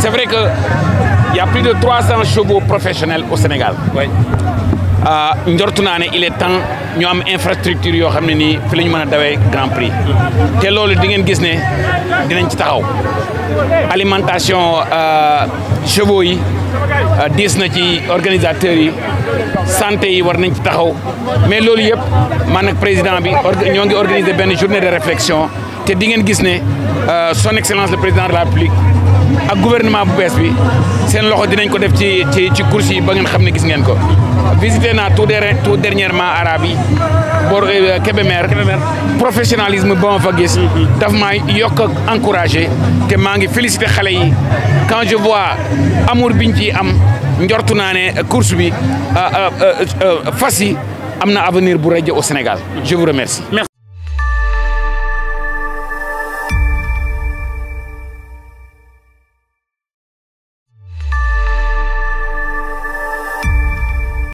c'est vrai que y a plus de 300 chevaux professionnels au Sénégal. Euh, il est temps ñu am infrastructure yo xam fi Grand Prix. té loolu di ngeen gis ne dinañ ci taxaw alimentation euh, chevaux yi euh, dis na ci organisateurs yi. santé yi war nañ ci taxaw mais loolu yépp man ak président bi ñoo ngi organiser journée de réflexion Té di ngeen gis euh, son excellence le président de la République ak gouvernement bu bees bi seen loxo dinañ ko def ci ci ci course yi ba ngeen gis ngeen ko visité tout dernièrement arabe pour bor Kébémer professionnalisme bon ma fa gis mm-hmm. daf maa yokk encouragé et je ngi félicité xale yi quand je vois amour biñ ci am njortu naa ne course bi il euh, euh, y am na avenir bu rajo au Sénégal je vous remercie